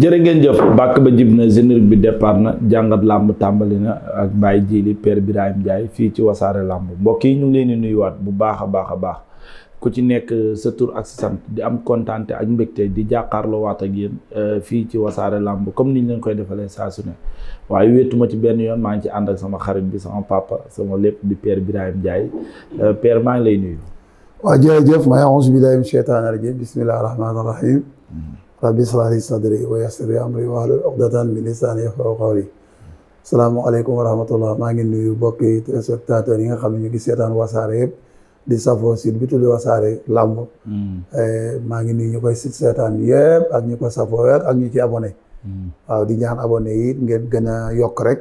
jërë ngeen jëf bàkk ba jib na générique bi départ na jàngat làmb tàmbali na ak Baye Djily Père Birahim Ndiaye fii ci wasaare làmb mbokk yi ñu ngi leen di nuyuwaat bu baax a baax a baax ku ci nekk sa tur ak sa sant di am kontaante ak mbégte di jàkkaarloo ak yéen euh, fii ci wasaare làmb comme niñ leen koy defalee saa su ne waaye wéetuma ci benn yoon maa ngi ci ànd ak sama xarit bi sama papa sama lépp di Père Birahim jaay euh, Père maa ngi lay nuyu. waaw jërëjëf rabbi ishrah li sadri wa yassir li amri wahlul uqdatan min lisani yafqahu qawli salaamaaleykum wa maa ngi nuyu mbokki téléspectateurs yi nga xam ne ñu ngi seetaan wasaare yëpp di safoo site bi tudd wasaare làmb mm. eh, maa ngi nuyu ñu koy seetaan yëpp ak ñu ko safoo yëpp ak ñu ci abonné mm. waaw di ñaan abonné yi ngeen gën a yokk rek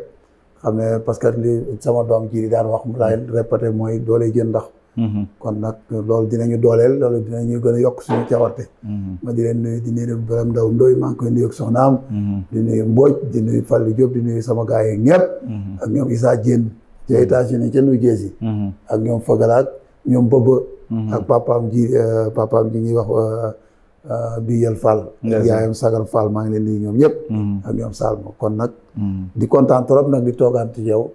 xam ne parce que li sama doom ji daan wax laay répété mooy doole jën ndax Mm-hmm. kon nag loolu dinañu dooleel loolu ñu gën a yokk suñu cawarte mm-hmm. ma di leen nuyu di nuyu Birame Ndaw Ndoye maa ngi koy nuyu ak soxnaam mm-hmm. di nuyu Mbodj di nuyu Fallou Diop di nuyu sama gars yi ak ñoom Issa Diène ci États-Unis ca New Jersey ak ñoom Fagalaat ñoom Bëbë ak ji euh, papaam ji ñuy wax euh, euh, bi yel Fall ak yaayam Sagal Fall maa ngi leen nuyu ñoom ñëpp ak ñoom saal Salma kon nag di kontaan trop nag di toogaante yow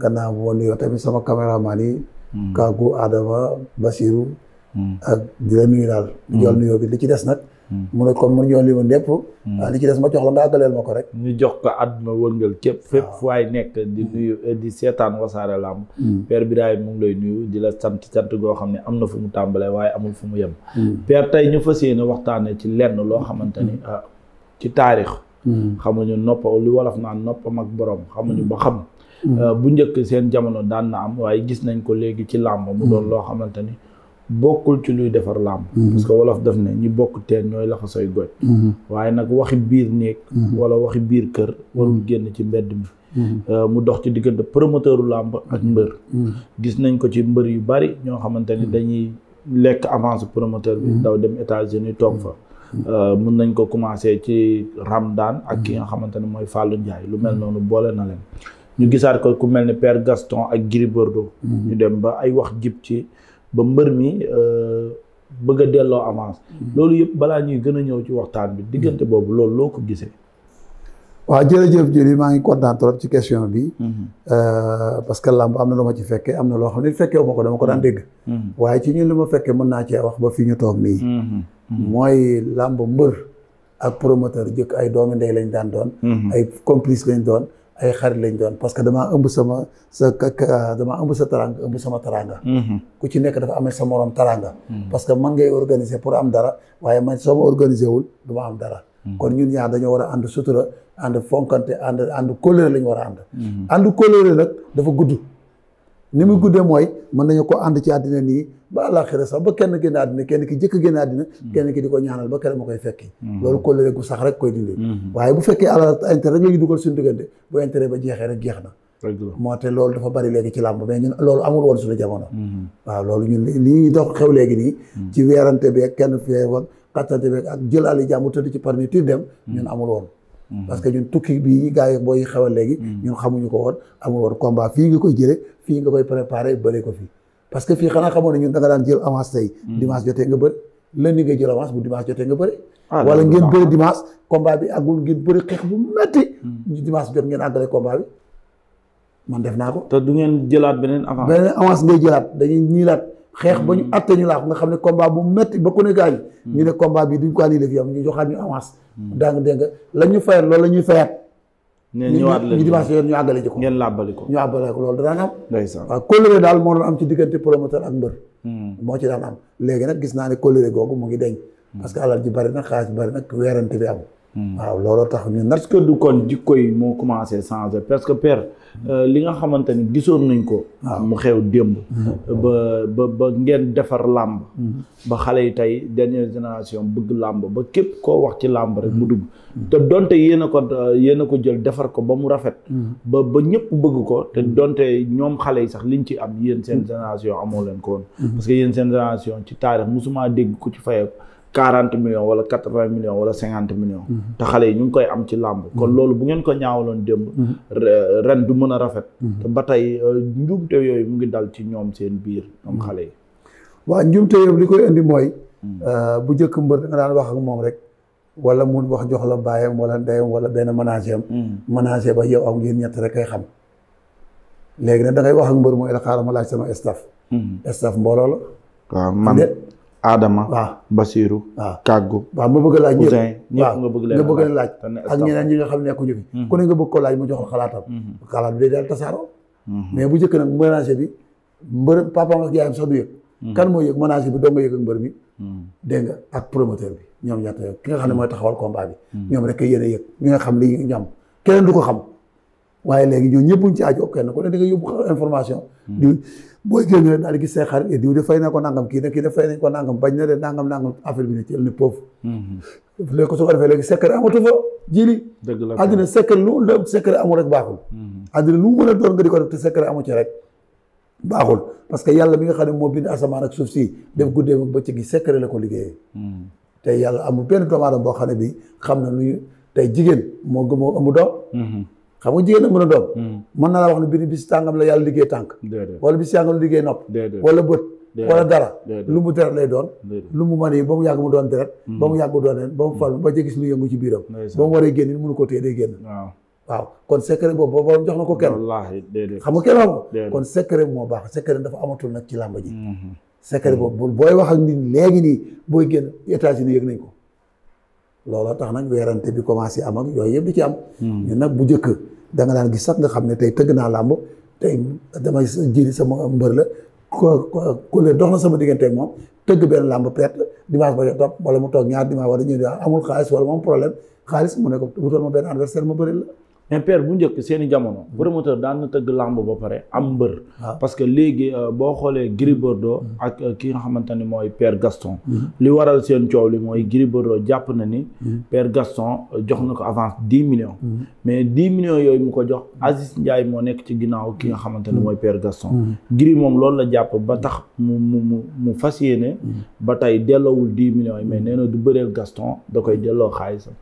gannaaw boo nuyoo tamit sama caméraman yi Hmm. kaagu Adama Basiru hmm. ak di la nuyu daal di hmm. li ci des nag mu ne comme mun jox li ma ndépp li ci des ma jox la nga àggaleel ma ko rek ñu jox ko àdduna wërngal képp fépp ah. fu waay nekk di eh, di seetaan wasaare làmb père Birahim mu ngi lay nuyu di la sant sant goo xam ne am na fu mu tàmbalee waaye amul fu mu yem père tey ñu fas yéene waxtaane ci lenn loo xamante ni ah, ci taarix xamuñu nopp lu wolof naa noppam ak boroom xamuñu ba xam Euh, bu njëkk seen jamono daan na am waaye gis nañ ko léegi ci làmb mu doon mm. loo xamante ni bokkul ci luy defar làmb mm-hmm. parce que wolof def ne ñi bokk teen ñooy laxa sooy goj mm-hmm. waaye nag waxi biir néeg mm-hmm. wala waxi biir kër warul génn ci mbedd mi euh, mu dox ci diggante promoteur u làmb ak mbër gis nañ ko ci mbër yu bari ñoo xamante ni dañuy lekk avance promoteur bi ndaw dem États-Unis toog fa euh, mun nañ ko commencé ci Ramdan ak ki nga xamante ne mooy Fallou Ndiaye lu mel noonu boole na leen ñu gisaat ko ku mel ni Père Gaston ak Gris Bordeaux mhm. ñu dem ba ay wax jib ci ba mbër mi euh, bëgg a delloo avance mhm. loolu yëpp balaa ñuy gën a ñëw ci waxtaan bi diggante mhm. boobu loolu loo ko gisee waaw jërëjëf jëli maa ngi kontaan trop ci question bi euh, parce que làmb am na lu ma ci fekkee am na loo xam ne fekkee uma ko dama ko daan dégg waaye ci ñun li ma fekkee mën naa cee wax ba fi ñu toog nii mooy làmb mbër ak promoteur jëkk ay doomi ndey lañ daan doon ay ay xarit la doon parce que damaa ëmb sa damaa ëmb sa taranga ëmb sama taranga mm-hmm. ku ci nekk dafa amee sa morom taranga mm-hmm. parce que man ngay organiser pour am dara waaye man soo ma organiser wul du am dara mm-hmm. kon ñun ñaar dañoo war a ànd sutura ànd fonkante ànd ànd kóllëre la ñu war a ànd ànd kóllëre nag dafa guddi ni muy guddee mooy mën nañu ko ànd ci àddina nii ba àllaaxira sax ba kenn génn àddina kenn ki jëkk génn àddina mm. kenn ki di ko ñaanal ba kenn ma koy fekki mm. loolu kóllëre gu sax rek koy dindi mm-hmm. waaye bu fekkee alal intérêt rek la ñu dugal suñu diggante bu intérêt ba jeexee rek jeex na moo te loolu dafa bari léegi ci làmb mais ñun loolu amul woon suñu jamono mm-hmm. waaw loolu ñun li ñuy dox xew léegi nii mm. ci weerante beeg kenn fee ak xattante beeg ak jëlaali jàmm tëdd ci parmi tiir dem ñun amul woon Mhm. parce que ñun tukki bi gars yi booy xewal léegi mhm. ñun xamuñu ko woon amul war combat fii nga koy jëlee fii nga koy préparé bëri ko fii parce que fii xanaa xamoon na ñun da nga daan jël avance tey mhm. dimanche jotee nga bëri lundi ngay jël avance bu dimanche jotee nga bëri ah, wala ngeen bëri dimanche combat bi agul ngeen bëri xeex bu metti ñu dimanche jot ngeen àggale combat bi man def naa ko te du ngeen jëlaat beneen avance beneen avance ngay jëlaat dañuy ñiilaat xeex ba ñu hmm. atte ñu laax nga xam ne combat bu metti ba ku ne gaañ hmm. ñu ne combat bi duñ ko annulé fi am ñu joxaat ñu avance hmm. daanga dégg nga la ñu fayaat loolu la ñuy fayaat ñu dimanche yoon ñu àggale ji ko ngeen làbbali ko ñu àbbale ko loolu daan am waaw coloré daal moo doon am ci diggante promoteur ak mbër moo ci daan am léegi nag gis naa ne coloré googu mu ngi deñ parce que alal ji bari na xaalis bari nag weerante bi am waaw looloo tax ñun nag. est que du kon jikko yi moo commencé changer parce que père euh, li nga xamante ni gisoon nañ ko. mu xew démb. Mm-hmm. ba ba ngeen defar làmb. Mm-hmm. ba xale yi tey dernière génération bëgg làmb ba képp koo wax ci làmb rek mu dugg. Mm-hmm. te donte yéen a ko euh, yéen a ko jël defar ko ba mu rafet. ba ba ñëpp bëgg ko te donte ñoom xale yi sax li liñ ci am yéen seen génération amoo leen ko woon. parce que yéen seen génération ci taarix musuma dégg ku ci fayal. quarante million wala quatre vingt millions wala cinquante millions. Mhm. te xale yi ñu ngi koy am ci làmb. Mhm. kon loolu bu ngeen ko ñaawaloon démb. Mhm. ren du mën a rafet. te ba tey euh, njuumte yooyu mu ngi dal ci ñoom seen biir. ñoom xale yi. waaw njuumte yooyu li koy indi mooy. Euh, bu njëkk mbër da daan wax ak moom rek. wala mu wax jox la baayam wala ndeyam wala benn ménager am. ménager ba yow am ngeen ñett rek kay xam. léegi nag da ngay wax ak mbër mooy la xaaral ma laaj sama staff. staf mbooloo la. Adama. waaw Basirou. waaw Kaggu. waaw ma bëgg laaj ñëpp ñëpp nga bëgg leen laaj bëgg laaj. ak ñeneen ñi nga xam ne nekkuñu fi. Mhm. ku ne nga bëgg ko laaj mu jox la xalaatam. Mhm. xalaat bi day daal tasaaroo. Mhm. mais bu njëkk nag ménager bi mbër papaam ak yaayam sax du yëg. kan moo yëg ménager bi doo nga yëg ak mbër mi. dégg nga ak promoteur bi ñoom ñaata ki nga xam ne mooy taxawal combat bi. ñoom rek yéen a yëg ñi xam li keneen du ko xam waaye léegi ñoo ñëpp ñu ci aajo kenn ku ne da nga yóbbu information booy génn rek daal gis say xarit diw de fay na ko nangam kii de kii de fay nañ ko nangam bañ na de nangam nangam affaire bi ne ci ne pauvre mm-hmm. léegi ko su ko defee léegi secret amatu fa jili dëgg àddina secret lu mu mm-hmm. mën a doon nga amu ci rek baaxul parce que yàlla mi nga xam ne moo bind asamaan ak suuf si def guddee ba bëccëg gi secret la ko liggéeyee mm-hmm. te yàlla amul benn doomu aadama boo xam ne bi xam na luy tey jigéen moo gëmoo ëmb doom xam nga jigéen a mën a doom hmm. mën naa la wax ne bi bis tàngam la yàlla liggéey tànk wala bis la liggéey nopp wala bët wala dara lu mu deret lay doon lu mu man yi hmm. ba mu yàgg mu doon deret ba mu yàgg doon leen ba mu fal ba ci gis lu yëngu ci biiram ba mu waree génn mënu ko téye day génn waaw kon secret boobu boobu borom jox na ko kenn xam nga kenn xam kon secret moo baax secret dafa amatul nag ci làmb ji hmm. secret boobu booy wax ak nit léegi nii booy génn états-unis yëg nañ ko a tax nag weerante bi commencé am yooyu yëpp di ci am. Hmm. ñun nag bu njëkk da nga daan gis sax nga xam ne tey tëgg naa làmb tey damay jiri sama mbër la ko ko dox na sama diggante moom tëgg benn làmb pet dimanche ba jot topp wala mu toog ñaar dimanche wala ñëw amul xaalis wala moom problème xaalis mu ne ko wutal ma benn adversaire ma bëri la. mais père bu njëkk seen i jamono. Hmm. promoteur daan na tëgg làmb ba pare am mbër. Ah. parce que léegi euh, boo xoolee Gris Bordeaux hmm. ak euh, ki nga xamante ni mooy père Gaston. Hmm. li waral seen coow li mooy gri Bordeaux jàpp na ni. père Gaston euh, jox na ko avance dix millions. mais dix millions yooyu mu ko jox Aziz njaay moo nekk ci ginnaaw ki nga xamante ni mooy père Gaston. Gris moom loolu la jàpp ba tax mu mu mu mu fas yéene. ba tey delloowul dix millions yi mais nee na du bëreel Gaston da koy delloo xaalisam.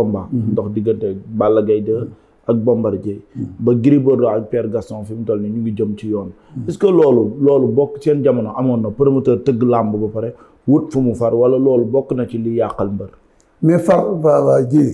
combat mhm. ndox diggante Balla Gaye 2 ak Bombardier mhm. ba Gris Bordeaux ak Pierre Gaston fi mu toll nii ñu ngi jëm ci yoon mhm. est-ce que loolu loolu bokk seen jamono amoon na promoteur tëgg làmb ba pare wut fu mu far wala loolu bokk na ci li yàqal mbër mais far waa waa ji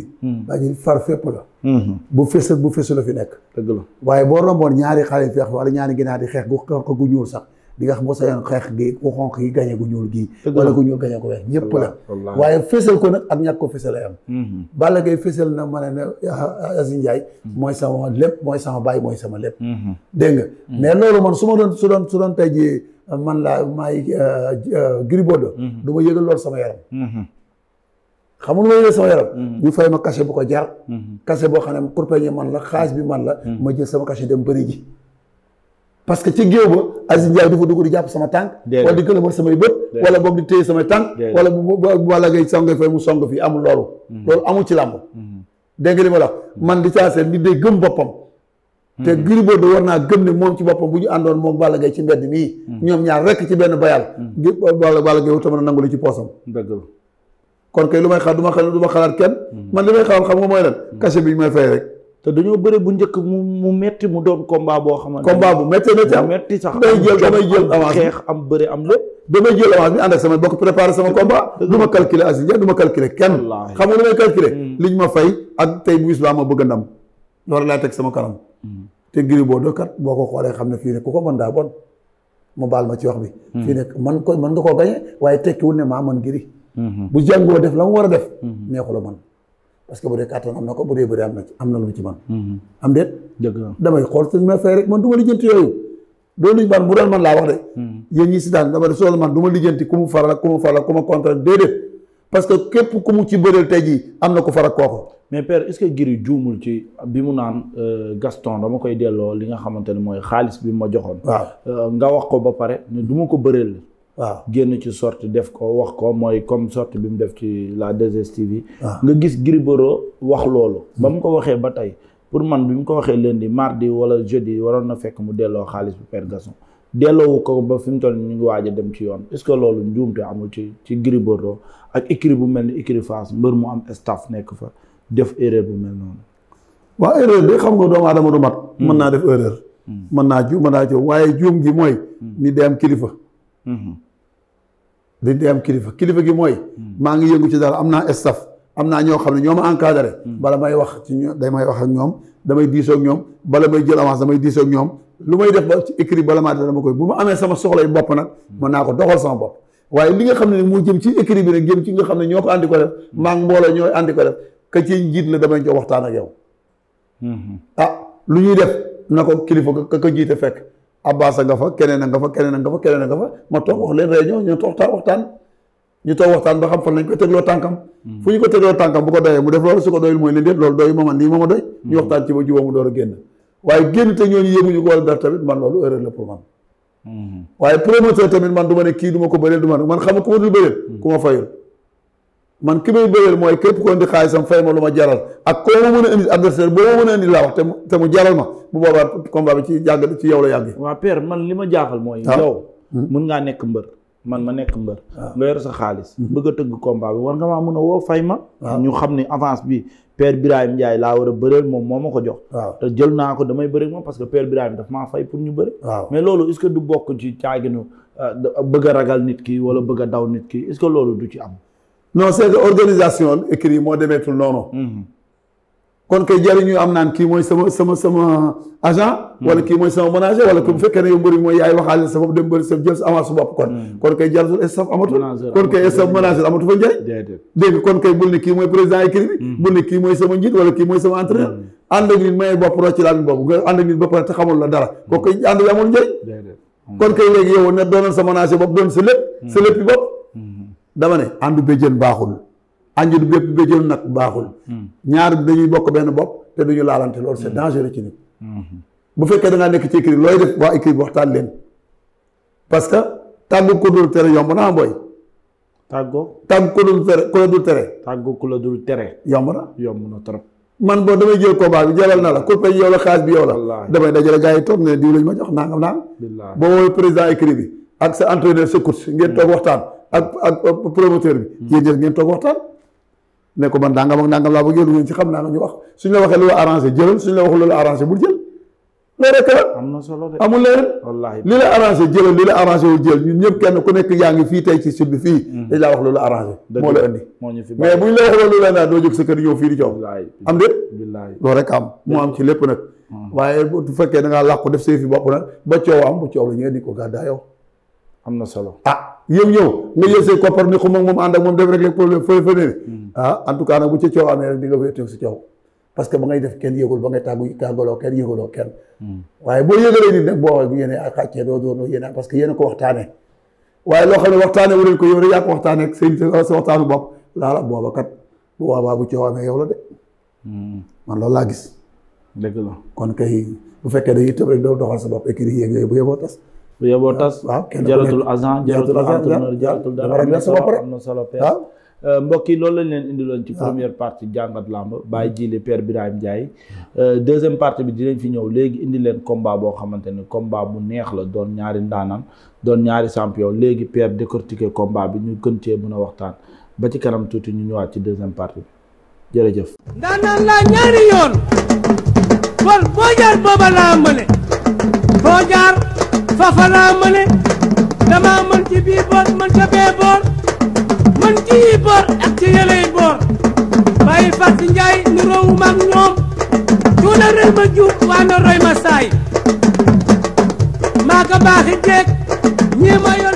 waa la hmm. bu fës bu fës la fi nekk dëgg la waaye boo romboon ñaari xale feex wala ñaari ginaar di xeex gu xeex gu ñuul sax di nga xam boo sañoon xeex gi ku xonq yi gañe ku ñuul gii wala ku ñuul gañe ko weex ñëpp la waaye fésal ko nag ak ñàkk ko fésal ay am mm-hmm. Balla Gaye fésal na ma ne ne ah, ah, Aziz Ndiaye mm-hmm. mooy sama lépp mooy sama baay mooy sama lépp mm-hmm. dégg nga mais loolu man su ma doon su doon su doon tey jii euh, man laa maay euh, euh, Gris Bordeaux du ma yëgal loolu sama yaram xam nga loolu sama yaram. ñu fay ma cachet bu ko jar. cachet boo xam ne kurpeñe man la xaalis bi man la. ma jël sama cachet dem bëri ji. parce que ci géew ba Aziz Ndiaye dafa dugg di jàpp sama tànk wala di këlëmal samay bët wala boog di téye samay tànk wala wala ngay songo fay mu song fii amul loolu mm-hmm. loolu amul ci làmb mm-hmm. dégg li ma la mm-hmm. man di caaseen bi day gëm boppam te Gris Bordeaux war naa gëm ne moom ci boppam bu ñu àndoon moom Balla Gaye ci mbedd mii ñoom ñaar rekk ci benn bayal gi Balla Balla Gaye wuta na a nangu lu ci poosam dëgg la kon kay lu may xalaat du ma xalaat du ma xalaat kenn man li may xalaat bi te dañoo bëri bu njëkk mu mu metti mu doon combat boo xamante ne combat bu metti metti am metti sax damay jël damay jël avance xeex am bëri am lépp damay jël avance bi ànd ak sama bokk préparé sama combat du ma calculer Aziz Ndiaye du ma calculer kenn xam nga lu may calculer hmm. liñ ma fay ak tey bu bis baa ma bëgg a ndam loolu laa teg sama kanam hmm. te Gris Bordeaux kat boo ko xoolee xam ne fii ne ku ko mën daa bon mu baal ma ci wax bi hmm. fii ne man ko mën nga koo gañe waaye tekkiwul ne maa mën Gris bu jàngoo def la mu war a def neexu la man parce que bu dee kàttan am na ko bu dee bëri am na ci am na lu ci man mhm. am déet dëgg la damay xool te may fay rek man du ma lijjanti yooyu doolu liñ bu doon man laa wax de mhm. yéen ñi si daan dama de sool man du ma ku mu faral ak ku mu faral ak ku ma contre déedéet parce que képp ku mu ci bëreel tey jii am na ko faral kooku mais père est-ce que Gris juumul ci bi mu naan euh, Gaston dama koy delloo li nga xamante ne mooy xaalis bi ma joxoon waaw euh, nga wax ko ba pare ne du ma ko bëreel waaw génn ci sorti def ko wax ko mooy comme sorti bi mu def ci la 2STV yi nga gis Gris wax loolu ba mu ko waxee ba tey pour man bi mu ko waxee leen lundi mardi wala jeudi waroon na fekk mu delloo xaalis bi Père Gasson delloowu ko ba fi mu toll mu ngi waaj dem ci yoon est-ce que loolu njuumte amul ci ci Gris ak écurie bu mel ni écurie Fass mbër mu am staff nekk fa def erreur bu mel noonu waaw erreur bi xam nga doomu aadama du mat hmm. mën naa def erreur hmm. mën naa juum mën naa juum waaye juum gi mooy hmm. ni kilifa dañ day am kilifa kilifa gi mooy. Hmm. maa ngi yëngu ci dara am naa staff am naa ñoo xam ne ñoo ma encadré. Hmm. bala may wax ci ñoom day may wax ak ñoom damay diisoo ak ñoom bala may jël avance damay diisoo ak ñoom lu may def ba ci écrit bala maa dara ma koy bu ma amee sama soxla yi bopp nag hmm. mën naa ko doxal sama bopp. waaye li nga xam ne moo jëm ci écrit bi nag jëm ci nga xam ne ñoo ko andi ko def maa ngi mbooloo ñooy andi ko def ka ci njiit la damay jox waxtaan ak yow. ah lu ñuy def na ko kilifa ka ka jiite fekk. Abbas nga fa keneen a nga fa keneen a nga fa keneen a nga fa ma toog wax leen réunion ñu toog taa waxtaan ñu toog waxtaan ba xam fan lañ ko tegloo tànkam hmm. fu ñu ko tegloo tànkam bu ko doyee mu def loolu su ko doyul mooy leen déet loolu doy mama nii mama doy ñu hmm. waxtaan ci ba jubóo mu door a génn waaye génn te ñooñu yëguñu ko dara tamit man loolu erreur pour man hmm. waaye promoteur tamit man du ne kii du ma ko bëreel du ma man xam ko dul bëreel ku ma fayul man ki may bëggeel mooy képp ko indi xaalisam fay ma lu ma jaral ak koo ma mën a indi adversaire boo ma mën a indi laa wax te mu mu jaral ma bu boobaa combat bi ci jàng ci yow la yàggee. waaw père man li ma jaaxal mooy. Ah. yow hmm? mën ngaa nekk mbër. man ma nekk mbër. Ah. nga yor sa xaalis. Hmm. bëgg a tëgg combat bi war nga maa mën a woo fay ma. Ah. ñu xam ne avance bi père Birahim Ndiaye laa war a bëreel moom moo ma ko jox. te jël naa ko damay bëri moom parce que père Birahim daf maa fay pour ñu bëri. mais loolu est-ce que du bokk ci caaginu euh, bëgg a ragal nit ki wala bëgg a nit ki est du ci am non c' est que organisation bi écrit moo demeetul noonu. Mhm. kon kay jariñu am naan kii mooy sama sama sama agent. Mhm. wala kii mooy sama manager wala bu fekkee ne yow mbëri mooy yaay waxaale sa bopp dem bëri sa jël sa avance su bopp kon. Mhm. kon kay jaratul kon kay staff manager amatul fa njëriñ. dégg kon kay bul ne kii mooy président écrit bi. bul ne kii mooy sama njiit wala kii mooy sama entraîneur. ànd ak nit may bopp rocc laa bopp nga ànd ak nit ba pare te xamul la dara. kooku ànd bi amul njëriñ. kon kay léegi yow ne doonal sa manager bopp doon sa lépp. sa lépp dama ne àndu béjjén baaxul àndu bépp béjjén nag baaxul hmm. ñaar dañuy bokk benn bopp te duñu laalante loolu c'est hmm. dangereux ci nit hmm. bu fekkee da ngaa nekk ci écrit looy def waa écrit bi waxtaan leen parce que tàggu ko dul tere yomb naa booy tàggoo tàggu ko dul tere ku la dul tere tàggu ku la dul tere yomb na yomb na trop man boo damay jël combat bi jëlal na la coupé yow la xaalis bi yow la damay dajale gars yi toog ne diw ma jox nangam naan boo woowee président écrit bi ak sa entraîneur sa coach ngeen toog waxtaan ak ak promoteur bi. Hmm. yéen ñëpp ngeen toog waxtaan. ne ko man nangam ak nangam laa bëggee lu ngeen ci xam naa nga ñu wax suñ la waxee loolu arrangé jëlal suñ la waxee loolu arrangé bul jël. loolu rek am de hmm. moo sa kër ñëw am ci lépp nag. Hmm. waaye bu fekkee da làqu def say fi bopp nag ba coow am bu coow la ñu indi ko gàddaa yow. yëm ñëw nga jël say koppar ni xuma moom ànd ak moom def rek fële fële hmm. ah en tout cas bu ci coow amee rek di nga si coow parce que ba ngay def kenn yëgul ba ngay tàggu yëguloo kenn hmm. waaye boo yëgalee nit a ko waxtaanee waaye loo xam ne waxtaane wu leen ko yow rek yaa ko waxtaane ak seen sa waxtaanu bopp laala booba kat bu bu coow amee yow la de hmm. man loolu laa gis dëgg kon kay bu fekkee dañuy tëb rek doo doxal sa bopp écrit yéeg yooyu bu yeboo tas bu yeboo tas. waaw jaratul agent jaratul entraîneur am na solo am na euh, mbokk yi loolu lañ leen indiloon ci première partie jàngat làmb bàyyi jiile père Birahim Ndiaye euh, deuxième partie bi dinañ fi ñëw léegi indi leen combat boo xamante ni combat bu neex la doon ñaari ndaanaan doon ñaari champion léegi père décortiquer combat bi ñu gën cee mën a waxtaan ba ci kanam tuuti ñu ñëwaat ci deuxième partie bi jërëjëf ndaanaan laa ñaari yoon bol boo jaar booba laa mëne boo jaar Fafana mëne dama mën ci bii mën ca mën ci ak ci yële yi boor nu roowu maag ñoom cuuna rëy ma waa na roy maa ko baaxi ñii ma